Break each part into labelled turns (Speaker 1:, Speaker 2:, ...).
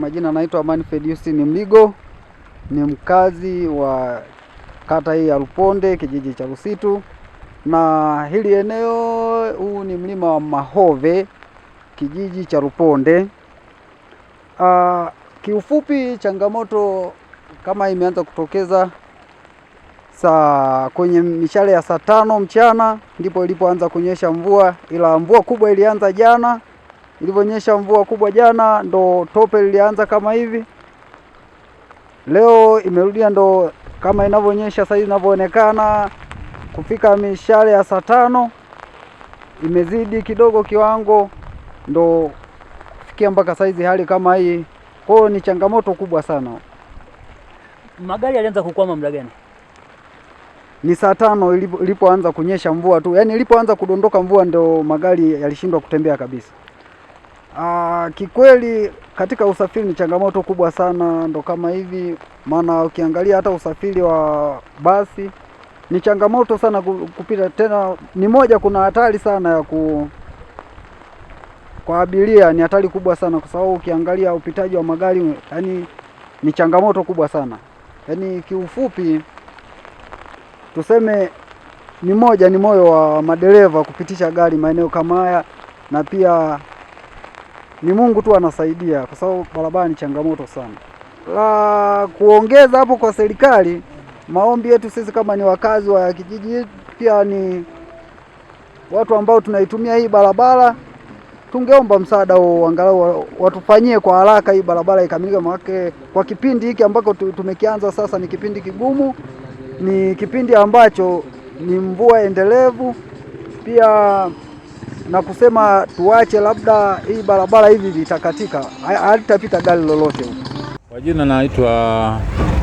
Speaker 1: majina anaitwa Manfred Justin Mligo, ni mkazi wa kata hii ya Luponde, kijiji cha Lusitu, na hili eneo, huu ni mlima wa Mahove, kijiji cha Luponde. Uh, kiufupi changamoto kama imeanza kutokeza saa kwenye mishale ya saa tano mchana ndipo ilipoanza kunyesha mvua, ila mvua kubwa ilianza jana Ilivyonyesha mvua kubwa jana, ndo tope lilianza kama hivi. Leo imerudia ndo kama inavyonyesha sasa inavyoonekana. Kufika mishale ya saa tano imezidi kidogo kiwango, ndo kufikia mpaka saizi hali kama hii. Kwa hiyo ni changamoto kubwa sana.
Speaker 2: Magari yalianza kukwama muda gani?
Speaker 1: Ni saa tano ilipoanza kunyesha mvua tu, yaani ilipoanza kudondoka mvua, ndo magari yalishindwa kutembea kabisa. Aa, ah, kikweli katika usafiri ni changamoto kubwa sana, ndo kama hivi. Maana ukiangalia hata usafiri wa basi ni changamoto sana kupita, tena ni moja, kuna hatari sana ya ku kwa abiria, ni hatari kubwa sana kwa sababu ukiangalia upitaji wa magari, yani ni changamoto kubwa sana yani kiufupi tuseme ni moja, ni moyo wa madereva kupitisha gari maeneo kama haya na pia ni Mungu tu anasaidia, kwa sababu barabara ni changamoto sana. La kuongeza hapo kwa serikali, maombi yetu sisi kama ni wakazi wa kijiji, pia ni watu ambao tunaitumia hii barabara, tungeomba msaada huo, angalau watufanyie kwa haraka hii barabara ikamilike, maana kwa kipindi hiki ambako tumekianza sasa ni kipindi kigumu, ni kipindi ambacho ni mvua endelevu pia na kusema tuache labda hii barabara hivi litakatika, halitapita gari lolote huko.
Speaker 3: Kwa jina naitwa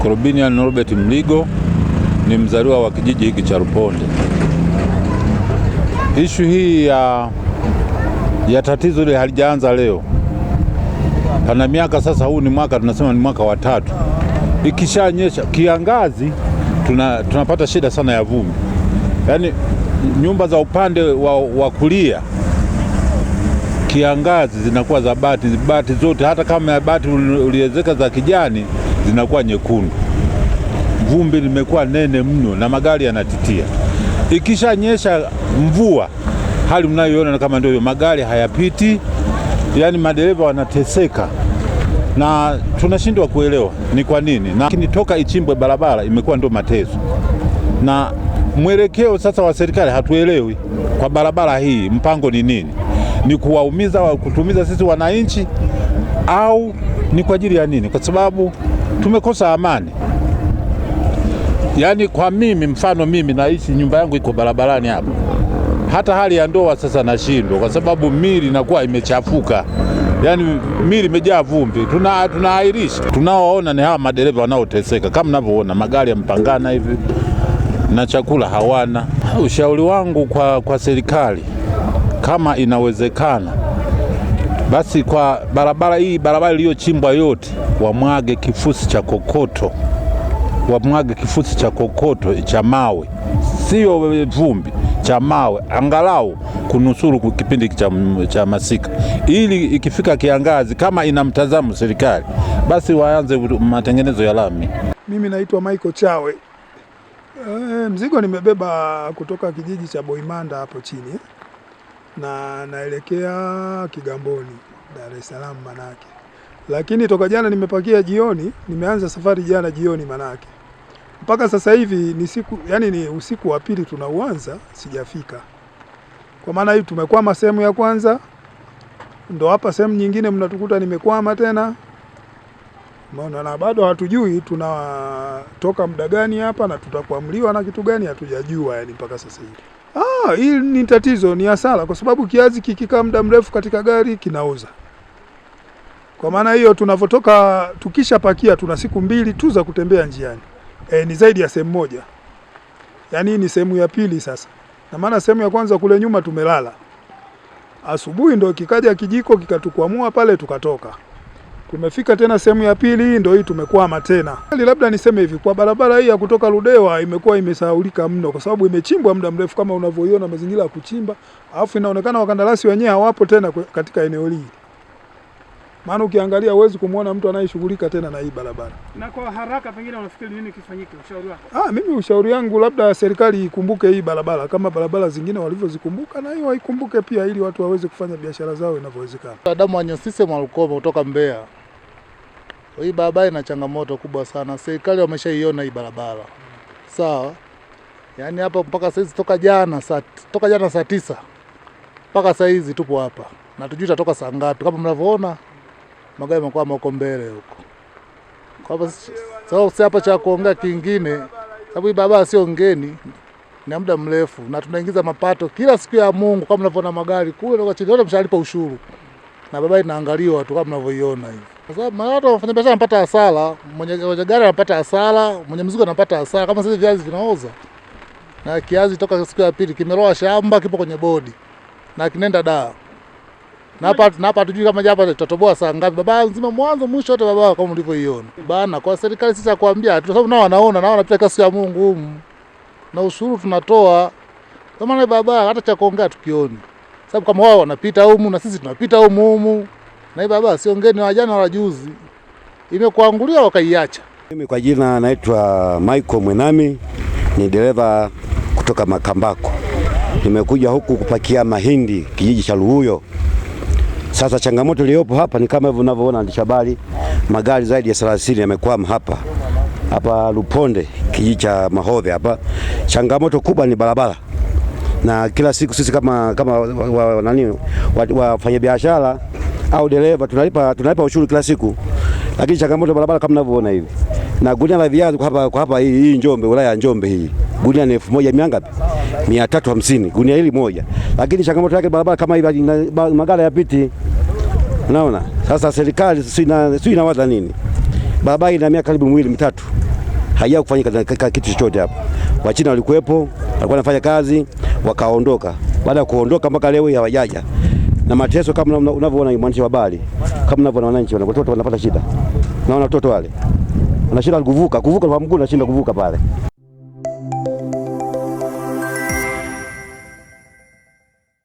Speaker 3: Korobinian Norbert Mligo, ni mzaliwa wa kijiji hiki cha ruponde Ishu hii ya, ya tatizo ile halijaanza leo, pana miaka sasa. Huu ni mwaka tunasema ni mwaka wa tatu. Ikishanyesha kiangazi, tuna, tunapata shida sana ya vumbi, yaani nyumba za upande wa, wa kulia kiangazi zinakuwa za bati, bati zote, hata kama bati uliwezeka za kijani zinakuwa nyekundu. Vumbi limekuwa nene mno na magari yanatitia. Ikishanyesha mvua, hali mnayoiona kama ndio hiyo, magari hayapiti, yaani madereva wanateseka na tunashindwa kuelewa ni kwa nini, lakini toka ichimbwe barabara imekuwa ndio mateso na mwelekeo sasa wa serikali hatuelewi. Kwa barabara hii mpango ni nini? ni kuwaumiza wa kutumiza sisi wananchi, au ni kwa ajili ya nini? Kwa sababu tumekosa amani. Yaani kwa mimi, mfano mimi naishi, nyumba yangu iko barabarani hapa, hata hali ya ndoa sasa nashindwa, kwa sababu mili inakuwa imechafuka yaani mili imejaa vumbi, tunaahirisha. tunaoona ni hawa madereva wanaoteseka, kama mnavyoona magari yamepangana hivi na chakula hawana. Ushauri wangu kwa, kwa serikali kama inawezekana, basi kwa barabara hii, barabara iliyochimbwa yote, wamwage kifusi cha kokoto, wamwage kifusi cha kokoto cha mawe, sio vumbi, cha mawe, angalau kunusuru kipindi cha, cha masika, ili ikifika kiangazi, kama ina mtazamo serikali, basi waanze matengenezo ya lami.
Speaker 4: Mimi naitwa Michael Chawe. E, mzigo nimebeba kutoka kijiji cha Boimanda hapo chini na naelekea Kigamboni, Dar es Salaam manake. Lakini toka jana nimepakia jioni, nimeanza safari jana jioni manake mpaka sasa hivi ni siku yani ni usiku wa pili tunauanza, sijafika. Kwa maana hii tumekwama sehemu ya kwanza, ndo hapa sehemu nyingine mnatukuta nimekwama tena, umeona, na bado hatujui tunatoka muda gani hapa na tutakuamliwa na kitu gani, hatujajua yani mpaka sasa hivi. Ah, Ah, hili ni tatizo, ni hasara kwa sababu kiazi kikikaa muda mrefu katika gari kinaoza. Kwa maana hiyo tunavyotoka tukishapakia tuna siku mbili tu za kutembea njiani. E, ni zaidi ya sehemu moja. Yaani ni sehemu ya pili sasa. Na maana sehemu ya kwanza kule nyuma tumelala. Asubuhi ndo kikaja kijiko kikatukwamua pale tukatoka. Tumefika tena sehemu ya pili hii ndio hii tumekwama tena. Labda niseme hivi kwa barabara hii ya kutoka Ludewa imekuwa imesahaulika mno kwa sababu imechimbwa muda mrefu kama unavyoiona mazingira ya kuchimba. Alafu inaonekana wakandarasi wenyewe hawapo tena katika eneo hili maana ukiangalia huwezi kumwona mtu anayeshughulika tena na hii barabara.
Speaker 2: Na kwa haraka pengine unafikiri nini kifanyike, ushauri wako?
Speaker 4: Ah, mimi ushauri wangu labda serikali ikumbuke hii barabara kama barabara zingine walivyozikumbuka, na hiyo waikumbuke pia, ili watu waweze kufanya biashara zao inavyowezekana.
Speaker 5: Adamu Anyasise Mwalukoma kutoka Mbeya. Hii barabara ina changamoto kubwa sana, serikali wameshaiona hii barabara sawa. Yaani hapa mpaka saizi toka jana saa toka jana saa tisa mpaka saizi tupo hapa na tujui tutatoka saa ngapi, kama mnavyoona magari yamekuwa yako mbele huko. Kwa hivyo sababu si hapa cha kuongea kingine, sababu hii barabara sio ngeni, ni muda mrefu na tunaingiza mapato kila siku ya Mungu, kama mnavyoona magari kule kwa chini, mshalipa ushuru na barabara inaangaliwa tu kama mnavyoiona hivi. Kwa sababu mara watu wafanya biashara wanapata hasara, mwenye mwenye gari anapata hasara, mwenye mzigo anapata hasara. Kama sasa viazi vinaoza na kiazi toka siku ya pili kimeroa shamba, kipo kwenye bodi na kinaenda daa na hapa na hapa tujui kama japo tutatoboa saa ngapi, baba nzima mwanzo mwisho wote baba, kama ulivyoiona bana. Kwa serikali sisi akwambia tu, sababu nao wanaona nao wanapita kasi ya Mungu humu na ushuru tunatoa, kwa maana baba hata cha kuongea tukioni, sababu kama wao wanapita humu na sisi tunapita humu humu, na hii baba siongeni ngeni, wa jana wala juzi imekuangulia wakaiacha.
Speaker 6: Mimi kwa jina naitwa Michael Mwenami, ni dereva kutoka Makambako, nimekuja huku kupakia mahindi kijiji cha Luhuyo. Sasa changamoto iliyopo hapa ni kama hivyo unavyoona ndio habari, magari zaidi ya 30 yamekwama hapa hapa Luponde, kijiji cha Mahove hapa. Changamoto kubwa ni barabara, na kila siku sisi kama kama wa, nani wafanyabiashara au dereva tunalipa tunalipa ushuru kila siku, lakini changamoto barabara kama unavyoona hivi. Na gunia la viazi hapa kwa hapa hii hii Njombe, wilaya ya Njombe hii gunia ni elfu moja mia ngapi? mia tatu hamsini gunia hili moja, lakini changamoto yake barabara kama hivi, magari yapiti Unaona, sasa serikali si inawaza nini? Barabara ina miaka karibu miwili mitatu haija kufanya kitu chochote hapo. Wachina walikuwepo, walikuwa wanafanya kazi, wakaondoka. Baada ya kuondoka, mpaka leo hawajaja na mateso kama unavyoona, mwandishi wa habari, kama unavyoona, wananchi watoto wanapata shida, naona watoto wale wanashinda kuvuka kuvuka kwa mguu, wanashinda kuvuka pale.